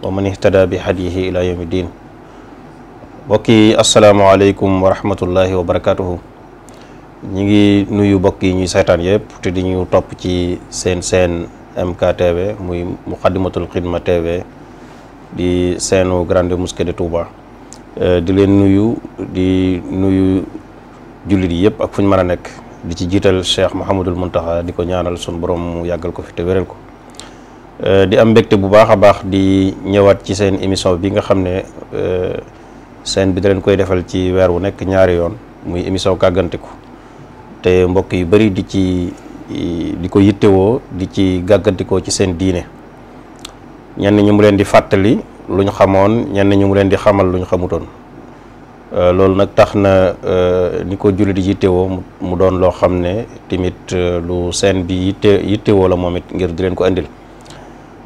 wa man ihtada bi hadihi ila yawmi din mbokk yi asalaamaaleykum wa rahmatullahi wa ñi ngi nuyu mbokk yi ñuy seetaan yëpp te di ñu topp ci seen seen MKTV muy Muqaddimatul Xidma TV di seenu Grande Mosquée de eh, di leen nuyu di nuyu jullit yi yëpp ak fu ñu mën a nekk di ci jiital Cheikh Mouhamadul Muntaxa di ko ñaanal sun borom mu yàggal ko fi te wéral ko Euh, di am mbégte bu baax a baax di ñëwaat ci seen émission bi nga xam ne euh, seen bi da leen koy defal ci weer wu nekk ñaari yoon muy émission gàggantiku te mbokk yu bari di ci di ko yittewoo di ci gàggantikoo ci seen diine ñenn ñu mu leen di fàttali lu ñu xamoon ñenn ñu mu leen di xamal lu ñu xamutoon euh, loolu nag tax na ni ko jullit di yittewoo mu doon loo xam ne tamit lu seen bi yitte yittewoo la moom it ngir di leen ko indil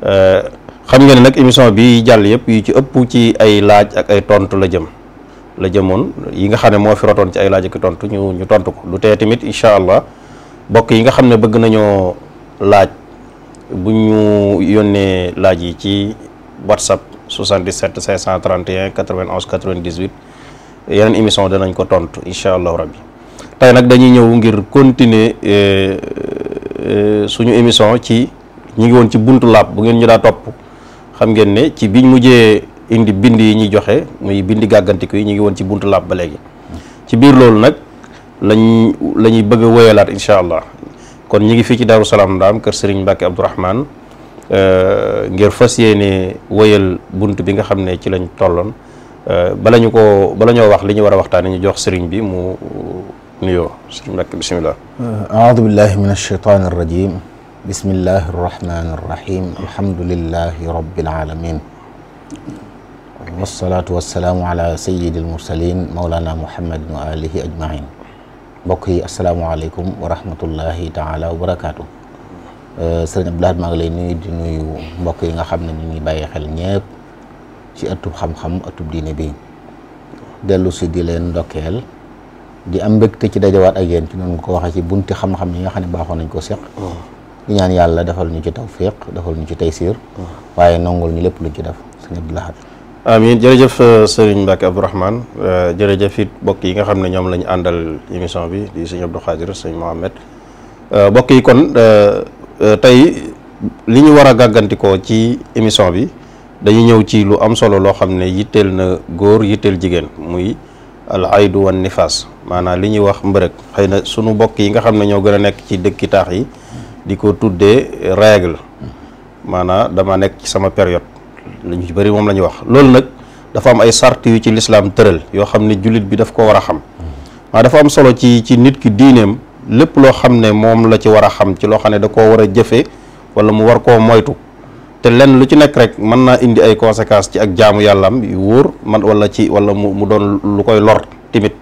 Euh, xam nga ne nag émission bi jàll yëpp yi ci ëpp ci ay laaj ak ay tontu la jëm la jëmoon yi nga xam ne moo fi rotoon ci ay laaj ak tontu ñu ñu tontu ko lu tee tamit incha allah bokk yi nga xam ne bëgg nañoo laaj bu ñu yónnee laaj yi ci whatsapp 77 531 91 98 yeneen émission danañ ko tontu incha allahu rabbi tey nag dañuy ñëw ngir continuer euh, euh, suñu émission ci. ñu ngi woon ci buntu làpp bu ngeen ñu daa topp xam ngeen ne ci biñ mujjee indi bind yi ñuy joxe muy bind gàggantiku yi ñu ngi woon ci buntu laab ba léegi ci biir loolu nag lañ la bëgg a woyalaat incha allah kon ñu ngi fii ci Daaru Salaam Ndaam kër Serigne Mbacke Abdourahmane euh, ngir fas yéene woyal bunt bi nga xam ne ci lañ tolloon euh, bala ñu ko bala ñoo wax li ñu war a waxtaane ñu jox Serigne bi mu nuyoo Serigne Mbacke bisimilah. Euh, aoudu billahi min alcheytan bismillahi irrahmani irrahim alhamdulilahi rabilalamin wasalaatu wasalaamu ala sayidi almursalin maulana muhammadin wa alihi ajmain mbokk yi asalaamualeykum wa rahmatullahi taala wa barakaatu eh, sëriñ Abdoulaye maa ngi lay nuyu di nuyu mbokk yi nga xam ne ñu ngi bàyyi xel ñëpp ci ëttub xam-xam ëttub diine bi dellu si di leen ndokkeel di am mbégte ci dajawaat ak yéen ci noonu nga ko waxee ci bunti xam-xam yi nga xam ne baaxoon nañ ko seq di ñaan yàlla defal ñu ci tawfiq defal ñu ci taysiir waaye nangul ñu lépp luñ ci def sëñ jërëjëf euh, sëriñ Mbacke Abdourahmane euh, jërëjëf it mbokk yi nga xam ne ñoom la àndal émission bi di sëñ Abdou Khadir sëñ euh, mbokk yi kon tey li ñu war a gàggantikoo ci émission bi dañu ñëw ci lu am solo loo xam ne yitteel na góor yitteel jigéen muy al aydu wan nifaas maanaam li ñuy wax mbërëg xëy na sunu mbokk yi nga xam ne ñoo gën a nekk ci dëkki taax yi di ko tuddee règle maanaam dama nekk ci sama période lu ñu ci bëri moom la ñuy wax loolu nag dafa am ay sart yu ci lislaam tëral yoo xam ne jullit bi daf ko war a xam maa dafa am solo ci ci nit ki diineem lépp loo xam ne moom la ci war a xam ci loo xam ne da koo war a jëfe wala mu war koo moytu te lenn lu ci nekk rek mën naa indi ay conséquences ci ak jaamu yàllaam yu wóor man wala ci wala mu mu doon lu koy lor tamit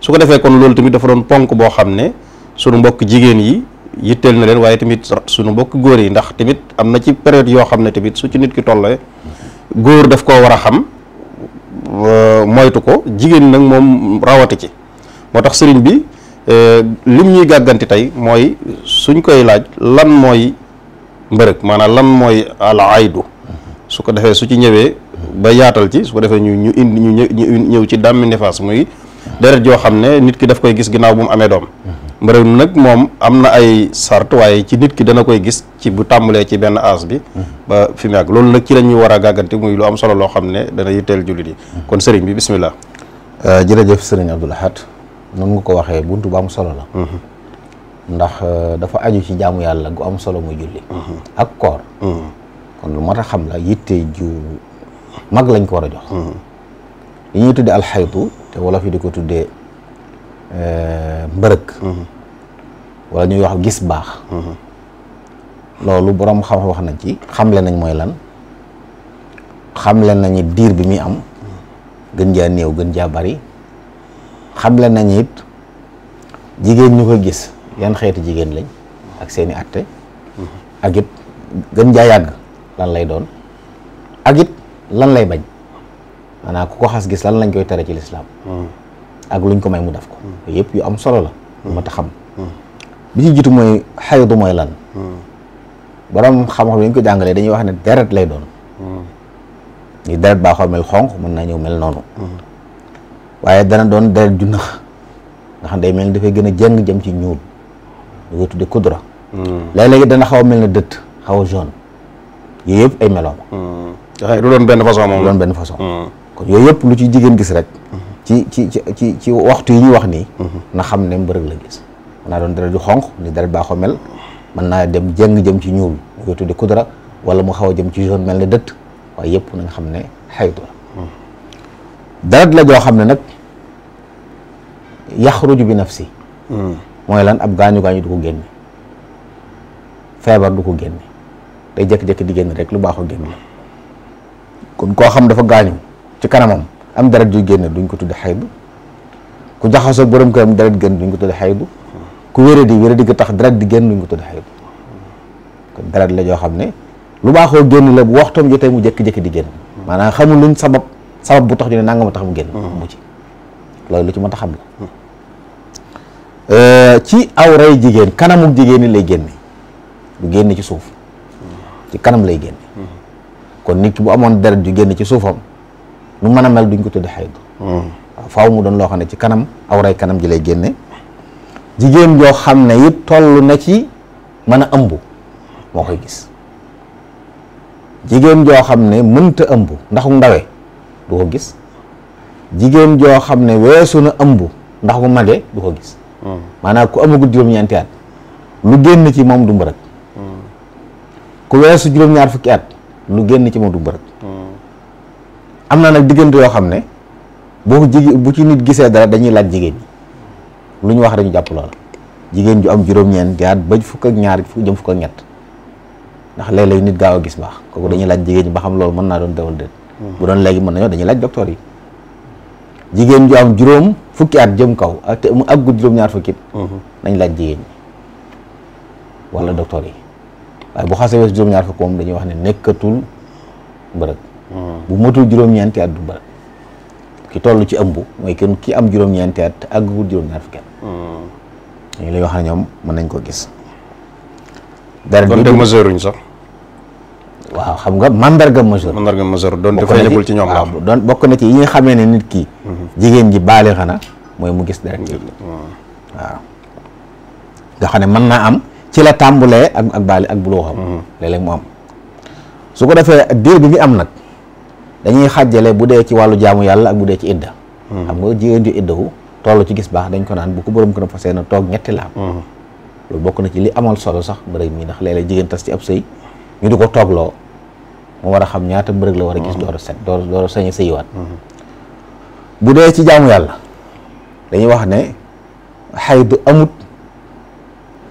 su ko defee kon loolu tamit dafa doon ponk boo xam ne sunu mbokk jigéen yi yitteel na leen waaye tamit suñu bokk góor yi ndax tamit am na ci période yoo xam ne tamit su ci nit ki tollee góor daf koo war a xam euh, moytu ko jigéen nag moom rawati ci moo tax sëriñ bi euh, lim ñuy gàgganti tey mooy suñ koy laaj lan mooy mbërëg maanaam lan mooy al aydu su ko defee su ci ñëwee ba yaatal ci su ko defee ñu ñu indi ñu ñëw ci dàmmi nifaas muy deret yoo xam ne nit ki daf koy gis ginnaaw bu mu amee doom mbërëg mi nag moom am na ay sart waaye ci nit ki dana koy gis ci bu tàmbalee ci benn aas bi ba fi mu loolu nag ci la ñuy war a gàggante muy lu am solo loo xam ne dana yitteel jullit kon sëriñ bi bismillah euh, jërëjëf sëriñ Abdou Lahad noonu nga ko waxee buntu bu am solo la mhm. ndax euh, dafa aju ci jaamu yàlla gu am solo muy julli mhm. ak koor mhm. kon lu mat a xam la yitte ju mag lañ ko war a jox li ñuy tudde alxaytu te wolof yi di ko tuddee Euh, mbërëk mhm. wala ñuy wax gis baax mhm. loolu boroom xam-xam wax na ci xamle nañ mooy lan xamle nañu diir bi muy am gën jaa néew gën jaa bari xamle nañu it jigéen ñu ko gis yan xeeti jigéen lañ ak seeni atte mhm. ak it gën jaa yàgg lan lay doon ak it lan lay bañ maanaam ku ko xas gis lan lañ koy tere ci lislaam ak luñ ko may mu def ko hmm. yëpp yu am solo la moo ta xam hmm. Hmm. bi ci jiitu mooy xaydu mooy lan borom xam-xam yi ñu ko jàngalee dañuy wax ne deret lay doon ni deret baaxoo mel xonq mën naa ñëw mel noonu waaye dana doon deret ju nga xam day mel ni dafay gën a jeng jëm ci ñuul ñu koy tudde kudra léegi dana xaw a mel ne dët xaw a jaune yooyu yëpp ay meloom du doon benn façon moom du benn façon kon yooyu yëpp lu ci jigéen gis rek ci ci ci ci waxtu yi ñuy wax nii. Mhm. na xam ne mbërëg la gis. mën naa doon deret ju xonq ni deret baaxoo mel mën naa dem jëng jëm ci ñuul mu koy tudde kudra wala mu xaw a jëm ci jaune mel ne dëtt waaye yépp nañ xam ne xaydu la. Mhm. deret la joo xam ne nag yaxruju bi nafsi mhm. mooy lan ab gaañu gaañu du ko génne feebar du ko génne day jékki-jékki di génn rek lu baaxul génn la kon koo xam dafa gaañu ci kanamam. am deret yu génn duñ ko tudde xaydu ku jaxasoo borom këram deret génn duñ ko tudde xaydu ku wéradi wéradi ko tax deret di génn duñ ko tudde xaydu kon deret la joo xam ne lu baaxoo génn la bu waxtoom jotee mu jékki-jékki di génn maanaam xamul luñ sabab sabab bu tax ñu ne nanga ma tax mu génn mu ci loolu lu ci mën a xam la euh, ci awray jigéen kanamuk jigéen ñi lay génne du génn ci suuf ci kanam lay génne kon nit ki bu amoon deret ju génn ci suufam lu mën a mel duñ ko tudde xayd waaw hmm. faaw mu doon loo xam ne ci kanam awray kanam ji lay génne jigéen joo xam ne it toll na ci mën a ëmb moo koy gis jigéen joo xam ne mënta ëmb ndaxu ndawe du gis jigéen joo xam ne weesu na ëmb ndax mu mage du ko gis hmm. maanaam ku amagul juróom-ñeenti at lu génn ci moom du mbërëg hmm. ku weesu juróom-ñaar fukki at lu génn ci moom du mbërëg am na nag diggante yoo xam ne boo ko bu ci nit gisee dara dañuy laaj jigéen ñi lu ñu wax dañu jàpp loola jigéen ju am juróom-ñeenti ba fukk ak ñaar fukk jëm ñett ndax léeg-léeg nit gaaw a gis baax kooku dañuy laaj jigéen ñi ba xam loolu mën naa doon teewal déet bu doon léegi mën nañoo dañuy laaj docteur yi jigéen ju am juróom fukki at jëm kaw ak te àggu juróom-ñaar fukki mhm. nañ laaj jigéen ñi wala docteur yi waaye bu xasee wees juróom-ñaar fukk moom dañuy wax ne nekkatul mbërëg bu motul juróom-ñeenti at du barat ki toll ci ëmb mooy kenn ki am juróom-ñeenti at àggagul juróom-ñaar fukki at hmm. dañu lay wax ne ñoom mën nañ koo gis deret kon de mesure sax waaw xam nga mandarga mesure mandarga mesure doonte feeñagul ci ñoom la doon bokk na ci yi nga xamee ne nit ki hmm. jigéen ji baali xana mooy mu gis deret ji hmm. waaw nga xam ne mën naa am ci la tàmbulee ak ak baali ak buloo xam léeg mu am su ko defee diir bi muy am nag dañuy xàjjale bu dee ci wàllu jaamu yàlla ak bu dee ci idda hmm. xam nga jigéen ju iddawu toll ci gis baax dañ ko naan bu ko borom ko na fa na toog ñetti laab hmm. loolu bokk na ci li amal solo sax mbërëg mi ndax léeg jigéen tas ci ab sëy ñu di ko toogloo mu war a xam ñaata mbërëg la war a gis hmm. door a set door door a sañ a sëyiwaat bu dee ci jaamu yàlla dañuy wax ne xaydu amut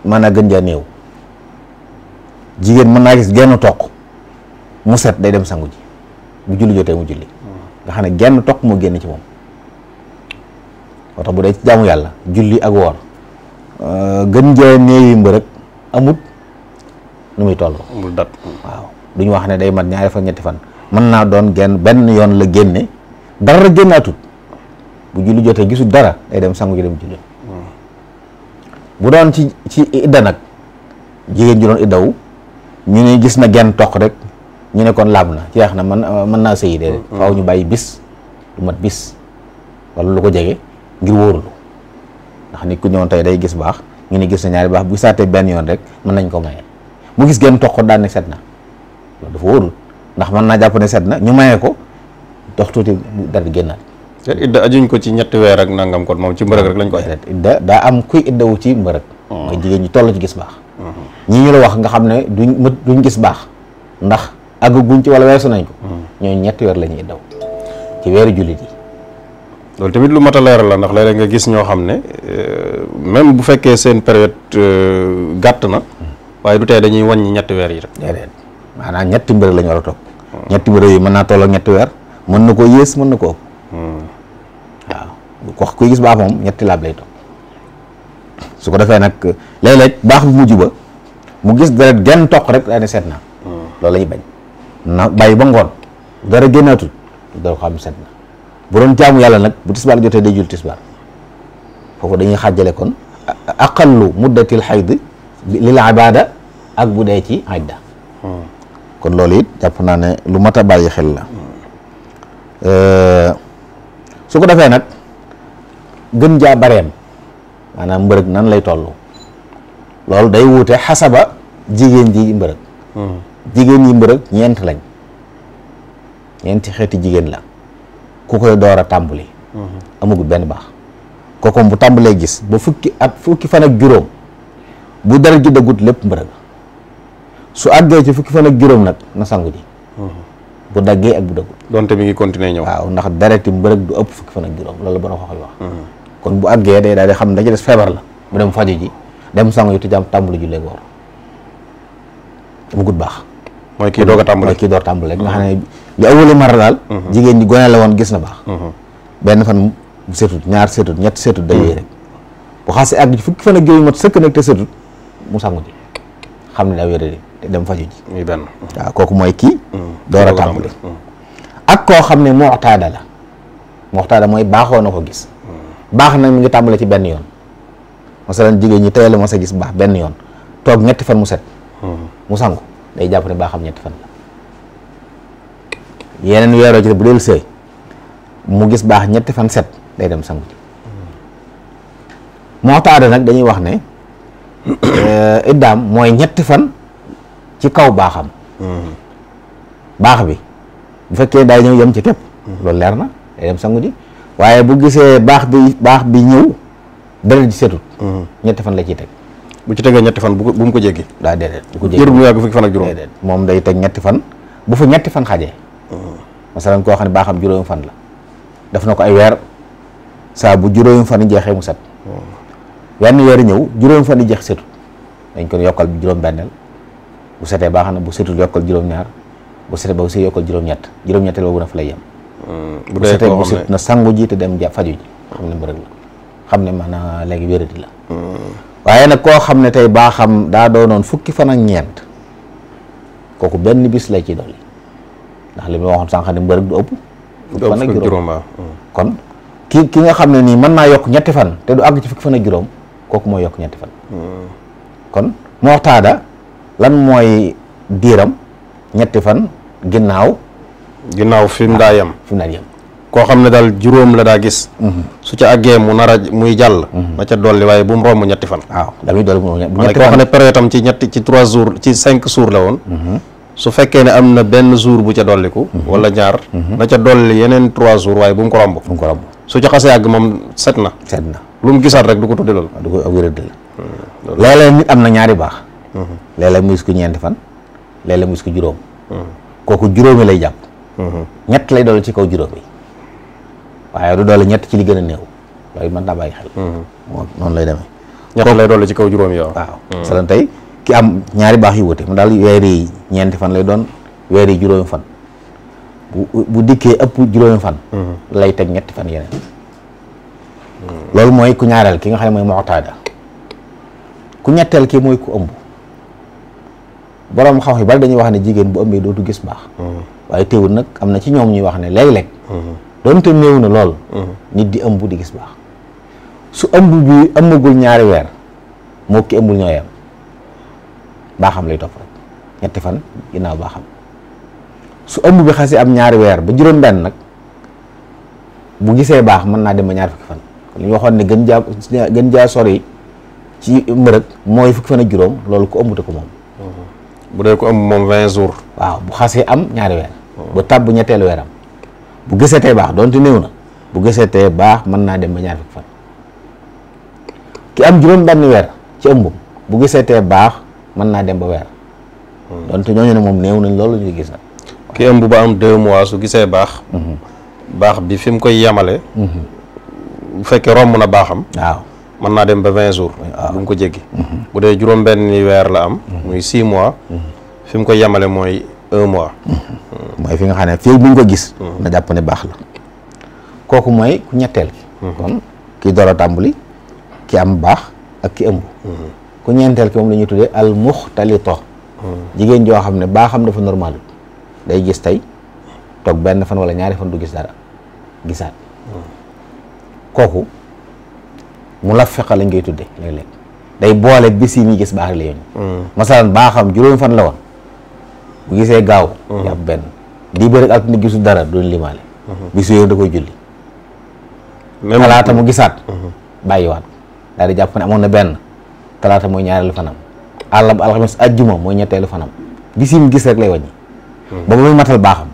mën a gën ja néew jigéen mën naa gis genn toq mu set day dem sangu bu julli jotee mu julli nga xam ne genn toq moo génn ci moom moo bu dee ci jaamu yàlla julli ak woor euh, gën jee néewi mbërëg amut nu muy toll amul dat waaw duñu wax ne day mat ñaari fan ñetti fan mën naa doon genn benn yoon la génne dara génnaatut bu julli jotee gisul dara day dem sangu ji dem julli bu doon ci ci idda nag jigéen ji doon iddawu ñu ne gis na genn toq rek ñu ne kon laab na jeex na man euh, mën naa sëyi déedéet mm-hmm. faaw ñu bàyyi bis lu mat bis wala lu ko jege ngir wóorlu ndax nit ku ñoo tey day gis baax ñu ne gis na ñaari baax bu saatee benn yoon rek mën nañ ko maye mu gis genn toq ko daan set na loolu dafa ndax mën naa jàpp ne set na ñu maye ko dox tuuti dara di génnaat te idda ajuñ ko ci ñetti weer ak nangam kon moom ci mbërëg rek lañ ko aje idda daa am kuy iddawu ci mbërëg mm-hmm. mooy jigéen ñi toll ci gis baax mm-hmm. ñii ñu la wax nga xam ne duñ duñ gis baax àggaguñ ci wala weesu nañ ko. ñooy ñetti weer la ñuy daw ci weeru jullit yi. loolu tamit lu mat leeral la ndax léeg nga gis ñoo xam ne euh, même bu fekkee seen période euh, gàtt na waaye du tee dañuy wañ ñi ñetti weer yi rek. déedéet maanaam ñetti mbir la ñu war a toog. ñetti mbir yi mën naa toll ñetti weer mën na koo yées mën na koo ëpp. Hmm. waaw wax kuy gis baax moom ñetti laab lay toog su ko defee nag léeg-léeg baax bu mujj ba mu gis deret genn toq rek daal di seet hmm. loolu la ñuy na bàyyi ba ngoon dara génnaatul doo xam set na bu doon jaamu yàlla nag bu tisbaar jotee day jul tisbaar foofu dañuy xàjjale kon aqallu muddatil xayd lil ibada ak bu dee ci idda hmm. kon loolu it jàpp naa ne lu mat a bàyyi xel la su ko defee nag gën jaa bareem maanaam mbërëg nan lay toll loolu day wuute xasaba jigéen ji mbërëg hmm. jigéen yi mbërëg ñeent lañ ñeenti xeeti jigéen la ku koy door a tàmbali mm-hmm. amagul benn baax kooku bu tàmbalee gis ba fukki at fukki fan ak juróom bu deret ji lépp su àggee ci fukki fan ak juróom nag na sangu ji mm-hmm. bu daggee ak bu dëggut donte mi ngi continuer ñëw waaw ndax dereti mbërëg du ëpp fukki fan ak juróom loolu borom xoxal wax mm-hmm. kon bu àggee day daal di xam ne da des feebar la mu dem faju ji dem sangu ji te jàmm tàmbali baax mooy kii doog a tàmbali mooy kii door tàmbali rek nga xam ne mhm. jigéen ñi gone la woon gis na baax mhm. benn fan seetut ñaar seetut ñett seetut day yee mhm. rek bu ak juróom mat sëkk nag te mu sangu ji dem faju ji kooku mooy kii door a tàmbali ak koo xam ne moxtaada la moxtaada mooy baaxoo na ko gis baax nag mi ngi tàmbale ci benn yoon masalan jigéen ñi tey la ma sa gis baax benn yoon toog ñetti fan mu set mu sangu day jàpp ne baaxam ñetti fan yeneen weeroo ci bu dul sëy mu gis baax ñetti fan set day dem sangu ci mootaade nag dañuy wax ne eh, iddaam mooy ñetti fan ci kaw baaxam baax bi bu fekkee daal ñëw yem ci képp loolu leer na day dem sangu waaye bu gisee baax bi baax bi ñëw dara ji setut ñetti fan la ciy teg bu ci tegee ñetti fan bu mu ko jéggi daa déedéet ko jéggi jërul mu yàgg fukki fan ak moom day teg ñetti fan bu fa ñetti fan xajee masalan koo xam ne baa xam juróomi fan la def na ko ay weer saa bu juróomi fan yi jeexee mu set wenn weer ñëw juróomi fan yi jeex setul dañ ko yokkal juróom benneel bu setee baax na bu setul yokkal juróom-ñaar bu setee ba hmm, bu setee yokkal juróom-ñett juróom-ñetteel boobu na fa lay yem bu setee bu set na sangu ji te dem faju ji xam ne mbërëg la xam ne man maanaam léegi wéradi la hmm. waaye nag koo xam ne tey baa xam daa doonoon fukki fan ak ñeent kooku benn bis lay ci dolli ndax li ma waxoon sànq ne mbërëg du ëpp fukki fan ak juróom kon ki ki nga xam ne nii mën naa yokk ñetti fan te du àgg ci fukki fan ak juróom kooku mooy yokk ñetti fan hmm. kon moxtaada lan mooy diiram ñetti fan ginnaaw ginnaaw fi mu daa yem fi daa yem koo xam ne daal juróom la daa gis mhm. su ca àggee mu nar a muy jàll mhm. na ca dolli waaye bu mu romb ñetti fan waaw dañuy dolli bu mu ñetti fan xam ne période am ci ñetti ci trois jours cinq jours la woon mhm. su fekkee ne am na benn jour bu ca dolliku wala ñaar na ca dolli yeneen trois jours waaye bu mu ko romb bu mu ko romb su ca xasee àgg moom set na set na lu mu gisaat rek du ko tudde loolu du ko wéradi hmm, la léeg-léeg nit am na ñaari baax hmm. léeg-léeg mu gis ko ñeenti fan léeg-léeg mu gis ko juróom hmm. kooku juróomi lay jàpp ñett lay dolli ci kaw juróom yi waaye du doole ñett ci li gën a néew loolu mën naa bàyyi xel mhm. moom lay demee ñett lay doole ci kaw juróom yow waaw salan mhm. tey ki am ñaari baax yu wute daal weer yi ñeenti fan lay doon weer yi fan bu dikkee ëpp fan mhm. lay teg ñetti fan yeneen loolu mooy ku ñaareel ki nga xam ne mooy moxtaada ku ñetteel ki mooy ku ëmb xam yi bari dañuy wax ne jigéen bu ëmbee dootu gis baax waaye teewul nag am na ci ñoom ñuy wax ne léeg-léeg donte néew na lool. Mhm. nit di ëmb di gis baax. su ëmb bi ëmmagul ñaari weer moo ki ëmbul ñoo yem baaxam lay topp rek ñetti fan ginnaaw baaxam su ëmb bi xasi am ñaari weer ba juróom-benn nag bu gisee baax mën naa dem ba ñaari fukki fan li ñu waxoon ne gën jaa gën jaa sori ci mbërëg mooy fukki fan ak juróom loolu ko ëmbute ko moom. Mhm. bu dee ko ëmb moom waaw bu xasee am ñaari weer. Mhm. ba tàbb ñetteelu weeram. bu gësetee baax donte néew na bu gësetee baax mën naa dem ba ñaar fukki fan ki am juróom benn weer ci ëmb bu gësetee baax mën naa dem ba weer donte ñooñu ne moom néew nañ loolu ñu gis na ki ëmb ba am deux mois su gisee baax mhm. baax bi fi mu koy yemale mhm. bu fekkee romb na baaxam waaw mën naa dem ba vingt jours bu mu ko jéggi mhm. bu dee juróom benn weer la am muy six mois fi mu koy yemale mooy mois. Mm-hmm. mooy fi nga xam ne fii bu ñu ko gis. Mm-hmm. na jàpp ne baax la. kooku mooy ku ñetteel. Mm-hmm. kon ki door a tàmbali ki am baax ak ki ëmb. ku ñeenteel ki moom la ñuy tuddee al muxtalito jigéen joo xam ne baaxam dafa normal day gis tey toog benn fan wala ñaari fan du gis dara gisaat. kooku mu la feqa lañ koy tuddee day boole bis yi gis baax la yoon. masalan baaxam juróom fan la woon. bu gisee gaaw. Mhm. jàpp benn lii ba rek altine gisul dara du limaale. Mhm. bisu yooyu da koy julli. même talaata mu gisaat. Mhm. bàyyiwaat daal di jàpp ne amoon na benn talaata mooy ñaareelu fanam. àllab alxames ajjuma mooy ñetteelu fanam bis yi mu gis rek lay wàññi. ba muy matal baaxam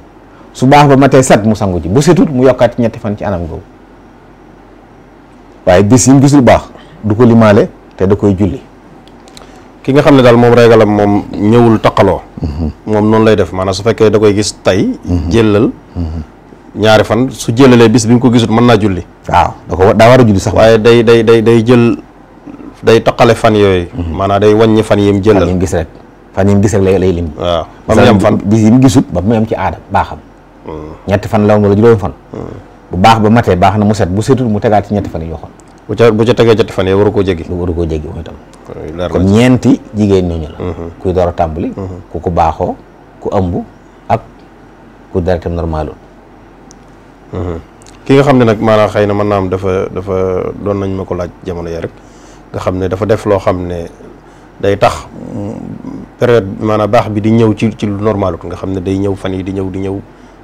su baax ba matee set mu sangu ci bu setut mu yokkaat ñetti fan ci anam googu waaye bis yi mu gisul baax du ko limaale te da koy julli. ki nga xam ne daal moom régalam moom ñëwul toqaloo moom noonu lay def maanaam su fekkee da koy gis tey jëlal ñaari fan su jëlalee bis bi mu ko gisut mën naa julli waaw da ko daa war a julli sax waaye day day day day jël day taqale fan yooyu mhm. maanaam day wàññi fan yim jëlal fan yim gis rek gis rek lay lay lim waaw ba mu yem fan bis yim gisut ba mu yem ci aada baaxam mm. ñetti fan la woon wala juróomi fan mm. bu baax ba matee baax na mu set bu setul mu tegaat ci ñetti fan yi bu ca bu ca tegee jot fan yii waru koo jéggi. waru koo jéggi moom itam. kon ñeenti jigéen ñooñu la. Mm-hmm. kuy door a tàmbali. Mm-hmm. ku ko baaxoo ku ëmb ak ku dara itam mm-hmm. ki nga xam ne nag maanaam xëy na mën naa am dafa dafa doon nañ ma ko laaj jamono ya rek nga xam ne dafa def loo xam ne day tax période maanaam baax bi di ñëw ci ci lu normalut nga xam ne day ñëw fan yi di ñëw di ñëw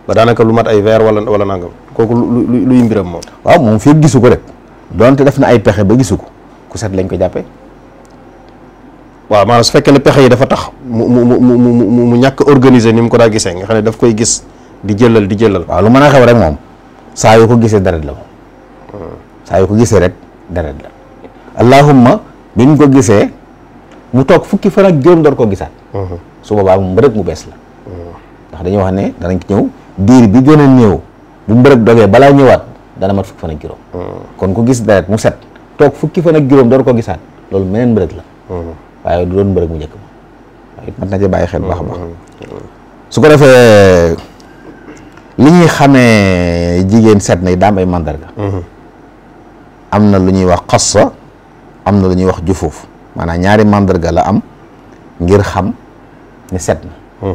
ba daanaka lu mat ay weer wala wala nangam kooku lu lu luy moom. waaw moom fii gisu ko rek. donte def na ay pexe ba gisu ko ku set lañ ko jàppee. waaw maanaam su fekkee ne pexe yi dafa tax mu mu mu mu mu ñàkk organiser ni mu ko daa gisee nga xam ne daf koy gis di jëlal di jëlal. waaw lu man a xew rek moom saa yoo ko gisee deret la moom. ko gisee rek deret la. allahumma bi ñu ko gisee mu toog fukki fan ak juróom door koo gisaat. Mhm. su boobaa mu mbërëg mu bees la. Mhm. ndax dañuy wax ne danañ ñëw biir bi gën a ñëw bu mbërëg dogee balaa ñëwaat. dana mat fukki fan ak juróom hmm. kon ku gis deret mu set toog fukki fan ak juróom door koo gisaat loolu meneen mbërëg la hmm. waaye du doon mbërëg mu njëkk ma mat na ci bàyyi xel baax a baax hmm. su ko defee li ñuy xamee jigéen set na daam ay màndarga am na lu ñuy wax xassa am na lu ñuy wax jufuuf maanaam ñaari màndarga la am ngir xam ne set na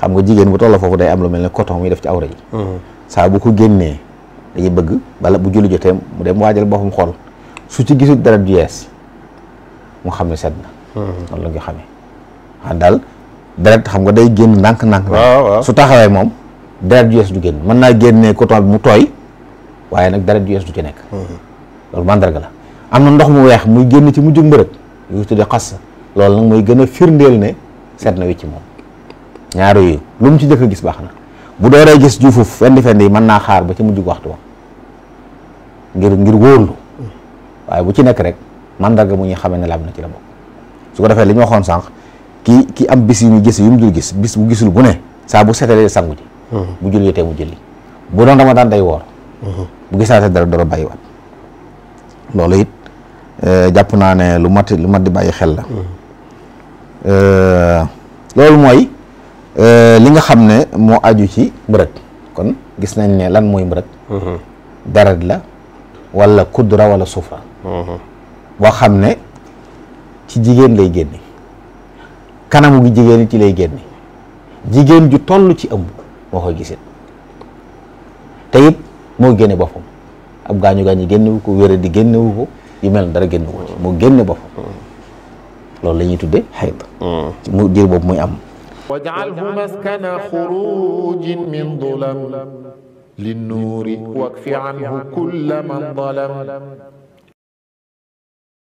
xam nga jigéen bu tolla foofu day am lu mel ne coton muy def ci awra yi saa bu génnee dañuy bëgg bala bu julli jotee mu dem waajal boppam xool su ci gisul dara du yees mu xam ne set na. loolu hmm. la nga xamee. xam ah, dal deret xam nga day génn ndànk ndànk. waaw su taxawee moom deret ju yees du génn mën naa génnee coton bi tooy waaye nag deret ju yees ci nekk. Hmm. loolu mandarga la am na ndox mu weex muy génn ci mujj mbërëg yu tuddee xas loolu nag mooy gën a firndeel ne set na wecc moom ñaar yooyu lu mu ci jëkk a gis baax na bu dooree gis juufu fendi fendi yi mën naa xaar ba ci mujj waxtu wa ngir ngir wóorlu waaye bu ci nekk rek mandarga mu ñuy xamee ne laab na ci la bokk su ko defee li ñu waxoon sànq ki ki am bis yu ñu gis yu mu dul gis bis bu gisul bu ne saa bu setalee sangu ji hmm. bu julli tee mu julli bu doon daan day woor hmm. bu gisaatee dara dara bàyyiwaat it eh, jàpp naa ne lu mat lu mat di bàyyi xel la hmm. eh, loolu mooy eh, li nga xam ne moo aju ci mbërëg kon gis nañ ne lan mooy mbërëg deret la wala kudra wala sufra boo mhm. xam ne ci jigéen lay génne kanamu gi jigéen ci lay génne jigéen ju toll ci ëmb moo koy gisee te moo génne boppam ab gaañu gaañu génnewu ko wéra di génnewu ko yu mel dara génnewu ko mhm. moo génne boppam mhm. loolu lañuy ñuy tudde xayd mu diir boobu muy am waj'alhu maskana xurujin min dulam للنور واكف عنه كل من ظلم